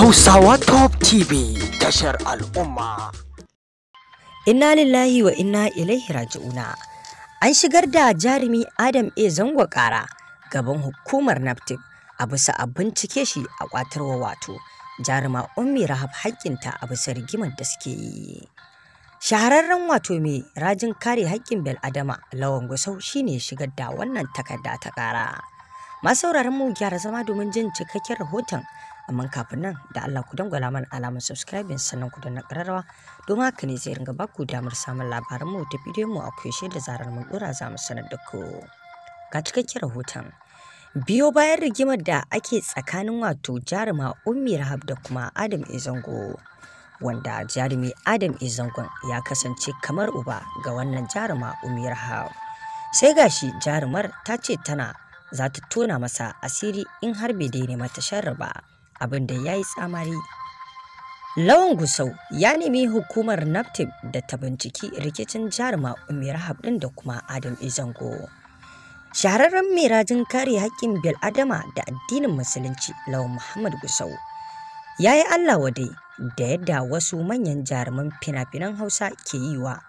Hausawa Top TV tashar al'umma. Inna lillahi wa inna ilaihi raji'una. An shigar da jarumi Adam A zango ƙara gaban hukumar NAPTIP a bisa a bincike shi a kwatarwa wato jaruma Ummi Rahab haƙƙinta a bisa rigimar da suke yi. Shahararren wato mai rajin kare haƙƙin bel'adama, Lawan Gusau shine shigar da wannan takarda ta ƙara. Masu sauraron mu gyara zama domin jin cikakken rahoton amma kafin nan da Allah ku dangwala mana alamar subscribing sannan ku danna ƙararrawa don haka ne zai ringa baku damar samun labaranmu da bidiyonmu mu a da zarar mun dora za mu sanar da ku ga cikakken rahoton biyo bayan rigimar da ake tsakanin wato jaruma ummi rahab da kuma adam izango wanda jarumi adam izangon ya kasance kamar uba ga wannan jaruma ummi rahab sai gashi jarumar ta ce tana za ta tona masa asiri in har bai daina mata sharri ba abin da ya yi tsamari lawan gusau ya nemi hukumar naptip da ta binciki rikicin jaruma umar Habdin da kuma adam izango shahararren mirajin kare haƙƙin bil'adama da addinin musulunci lawan muhammad gusau ya yi allah wadai da yadda wasu manyan jaruman fina-finan hausa ke yi wa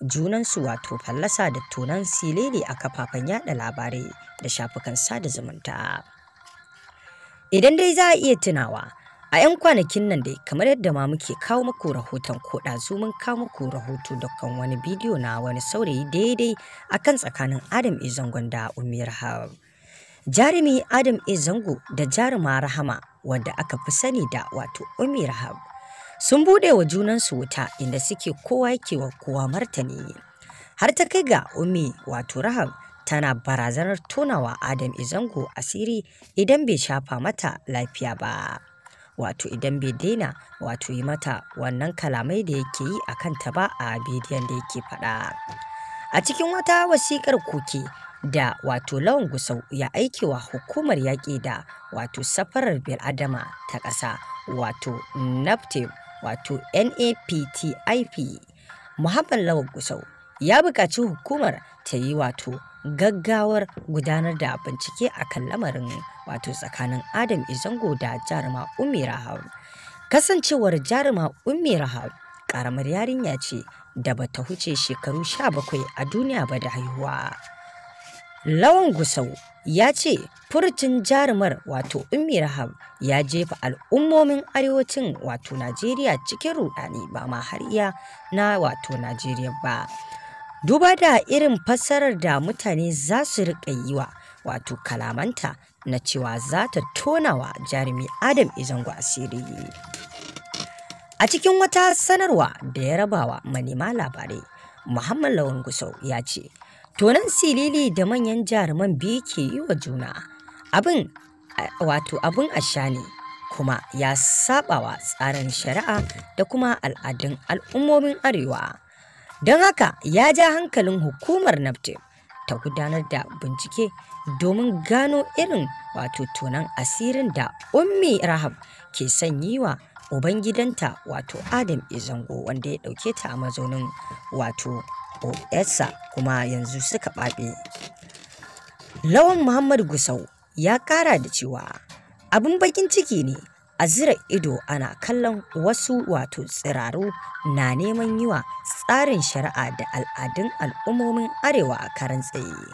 junansu wato fallasa da tunan silele a kafafen yaɗa labarai da shafukan sada zumunta Idan dai za a iya tunawa, a 'yan kwanakin nan dai kamar yadda ma muke kawo muku rahoton ko ɗazu mun kawo maku rahoto da kan wani bidiyo na wani saurayi daidai akan tsakanin Adam Izangon e. da Umar Jarumi Adam Izango e. da jaruma Rahama wanda aka fi sani da wato Umar rahab sun buɗe wa junansu wuta inda suke kowa yake wa kowa martani har ta kai ga Umi wato Rahab tana barazanar tonawa Adam Izango asiri idan bai shafa mata lafiya ba. Wato idan bai daina wato yi mata wannan kalamai da yake yi a kanta ba a bidiyon da yake faɗa. A cikin wata wasiƙar koke da wato lawan gusau ya aikewa hukumar yaƙi da wato safarar bil'adama ta ƙasa wato NAPTIP e, wato NAPTIP Muhammad Lawan Gusau ya buƙaci hukumar ta yi wato gaggawar gudanar da bincike a kan lamarin wato tsakanin adam izango da jaruma umi rahab kasancewar jaruma ummi rahab karamar yarinya ce da bata huce shekaru sha 17 a duniya ba da haihuwa lawan gusau ya ce furcin jarumar wato ummi rahab ya jefa al'ummomin arewacin wato najeriya cikin rudani ba ma har iya na wato najeriya ba duba da irin fassarar da mutane za su riƙa yi wa wato kalamanta na cewa za ta tonawa jarumi adam izango asiri a cikin wata sanarwa da ya rabawa manema labarai muhammad lawan gusau ya ce tonan silili da manyan jaruman biyu ke yi wa juna abin wato abin asha ne kuma ya sabawa tsarin shari'a da kuma al'adun al'ummomin arewa don haka ya ja hankalin hukumar nafte ta gudanar da bincike domin gano irin wato tunan asirin da ummi rahab ke sanyi wa ubangidanta wato adam izango wanda ya dauke ta a mazaunin wato o'esa kuma yanzu suka ɓaɓe lawan muhammad gusau ya kara da cewa abin bakin ciki ne a zira ido ana kallon wasu wato tsiraru na neman yi wa tsarin shari'a da al'adun al'ummomin arewa a karan tsaye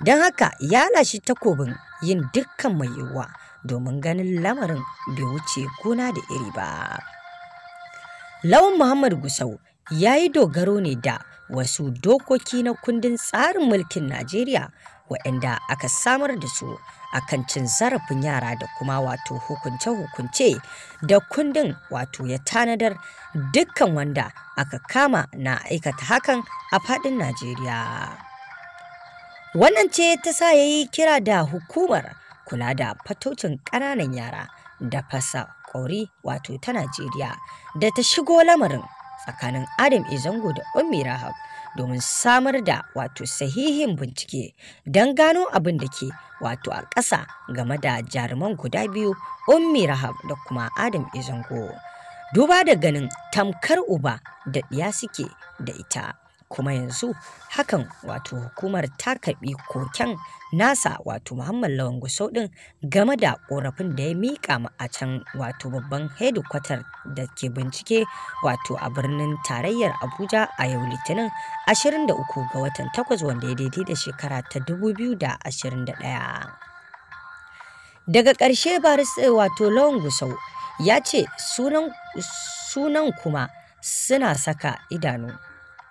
don haka ya lashe takobin yin dukkan mai yiwuwa domin ganin lamarin bai wuce gona da iri ba lawan muhammad gusau ya yi dogaro ne da wasu dokoki na kundin tsarin mulkin najeriya waɗanda aka samar da su akan cin zarafin yara da kuma wato hukunce-hukunce da kundin wato ya tanadar dukkan wanda aka kama na aikata hakan a fadin Najeriya. Wannan ce ta sa ya yi kira da hukumar kula da fatocin ƙananan yara da fasa ƙauri wato ta Najeriya da ta shigo lamarin tsakanin Adam Izango da Ummi Rahab. domin samar da wato sahihin bincike don gano abin da ke wato a ƙasa game da jaruman guda biyu ummi rahab da kuma adam izango duba da ganin tamkar uba da ɗiya suke da ita kuma yanzu hakan wato hukumar ta karɓi koken nasa wato muhammad lawan gusau ɗin game da ƙorafin da ya miƙa a can wato babban hedikwatar da ke bincike wato a birnin tarayyar abuja a yau litinin 23 ga watan 8 wanda ya daidai da shekara ta 2021 daga ƙarshe baris eh, wato lawan gusau ya ce sunan kuma suna saka idanu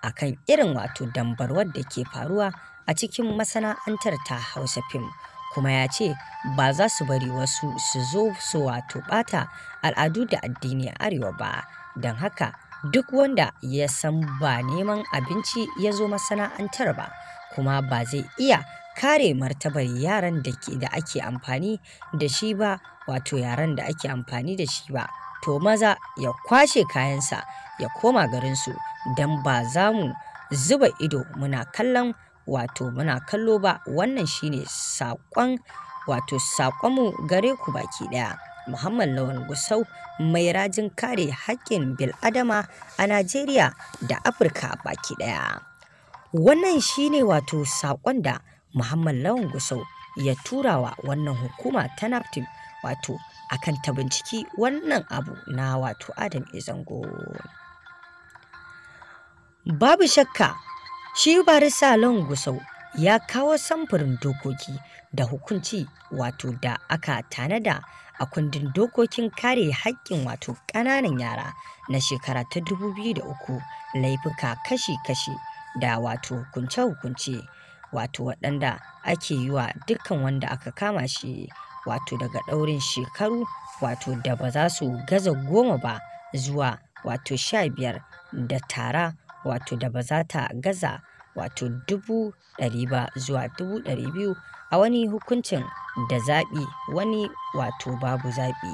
akan irin wato dambarwar da ke faruwa a cikin masana'antar ta Hausa fim kuma ya ce ba za su bari wasu su zo su wato bata al'adu da addini arewa ba don haka duk wanda ya san ba neman abinci ya zo masana'antar ba kuma ba zai iya kare martabar yaran da ake amfani da shi ba wato yaran da ake amfani da shi ba to maza ya kwashe kayansa ya koma garinsu don ba za mu zuba ido muna kallon wato muna kallo ba wannan shine saƙon wato saƙonmu gare ku baki ɗaya muhammad lawan gusau mai rajin kare bil adama a najeriya da afirka baki ɗaya wannan shine wato saƙon da muhammad lawan gusau ya turawa wannan hukuma ta naftin wato akan ta binciki wannan abu na wato adam izango Babu shakka, shi barisa salon Gusau ya kawo samfurin dokoki da hukunci wato da aka tanada a kundin dokokin kare haƙƙin wato ƙananan yara na shekara ta 2003 laifuka kashi-kashi da wato hukunce-hukunce wato waɗanda ake yi wa dukkan wanda aka kama shi wato daga ɗaurin shekaru wato da ba za su gaza goma ba zuwa wato sha biyar da tara wato da ba za ta gaza wato dubu ɗari ba zuwa dubu ɗari biyu a wani hukuncin da zaɓi wani wato babu zaɓi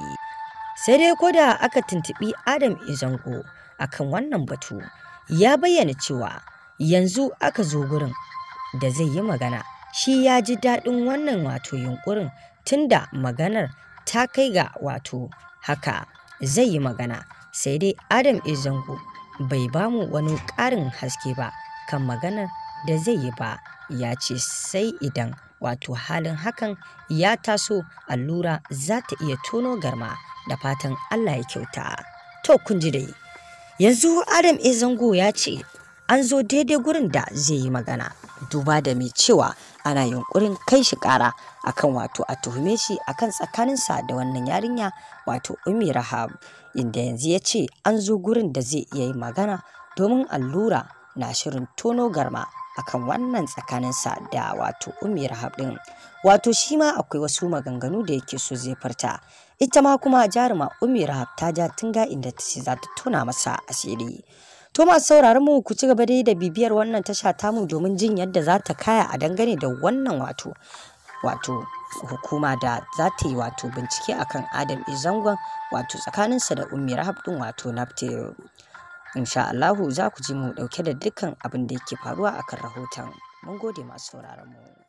sai dai ko da aka tuntuɓi adam izango akan wannan batu ya bayyana cewa yanzu aka zo gurin da zai yi magana shi ya ji daɗin wannan wato yunkurin tunda maganar ta kai ga wato haka zai yi magana sai dai adam izango bai ba mu wani ƙarin haske ba kan maganar da zai yi ba ya ce sai idan wato halin hakan ya taso allura za ta iya tono garma da fatan allah ya kyauta to kun ji dai yanzu adam e zango ya ce an zo daidai gurin da zai yi magana duba da mai cewa ana yunkurin kai shi kara akan wato a tuhume shi akan tsakaninsa da wannan yarinya wato Ummi Rahab inda yanzu ya ce an zo gurin da zai iya yi magana domin allura na shirin tono garma akan wannan tsakaninsa da wato umi Rahab din wato shi ma akwai wasu maganganu da yake so zai farta ita ma kuma jaruma Ummi Rahab ta ja tunga inda ta ce za ta tona masa asiri To masu sauraron mu ku ci gaba dai da bibiyar wannan tasha tamu domin jin yadda za ta kaya a dangane da wannan wato wato hukuma da za ta yi wato bincike akan Adam Izangon e. wato tsakaninsa da Ummi Rahab din wato naftero Insha Allahu za ku ji mu dauke da dukkan abin da yake faruwa akan rahoton. Mun gode masu sauraron mu.